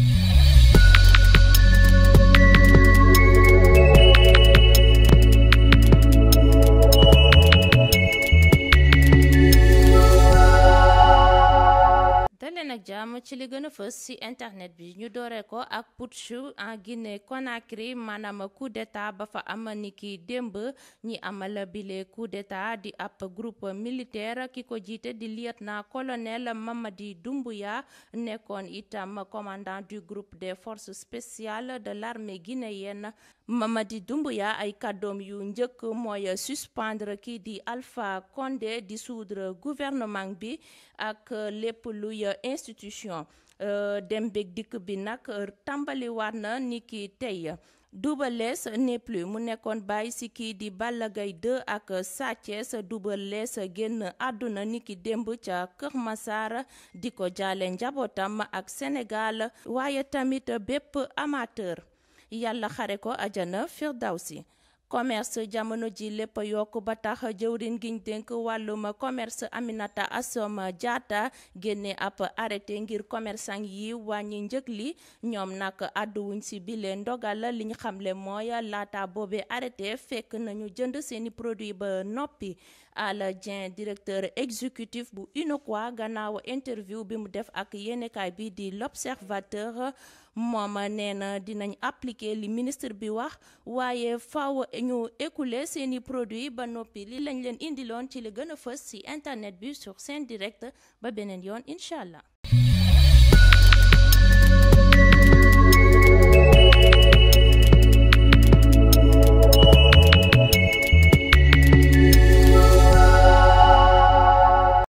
Mm-hmm. ak jàmm ci li gën a fës ci internet bi ñu doore ko ak putsch en Guinée Conakry maanaam coup d'état ba fa am ni ki démb ñi amal bile coup d'état di ab groupe militaire ki ko jiite di lieutenant colonel Mamadi Doumbouya nekkoon itam commandant du groupe des forces spéciales de l'armée guinéenne ma Mamadi Doumbouya ay kàddoom yu njëkk mooy suspendre kii di Alpha Condé dissoudre gouvernement bi ak lépp luy institution euh, dem beeg dikk bi nag waat na ni ki tey Double sa n'est plus mu nekkoon bàyyi si kii di Balla gay 2 ak Sa Thiès Double Less génn àdduna niki ki démb ca Kër Massar di ko jaale njabootam ak Sénégal waaye tamit bépp amateur yàlla xare ko ajana si commerce jamono ji lépp yokk ba tax jëwrin giñ dénk wàllum commerce Aminata Assome Diatta génne ab arrêté ngir commerçant yi wàññi njëg li ñoom nag àdduwuñ si bile ndogal liñ xamle mooy laata boobe arrêté fekk nañu jënd seeni produit ba noppi Alla Dieng directeur exécutif bu UNACOIS gannaaw interview bi mu def ak yéenekaay bi di l'Observateur moom nee na dinañ appliquer li ministre bi wax waaye faaw ñu écouler seeni produit ba noppi li lañ leen indiloon ci li gën a fës ci internet bi sur seen direct ba beneen yoon incha allah.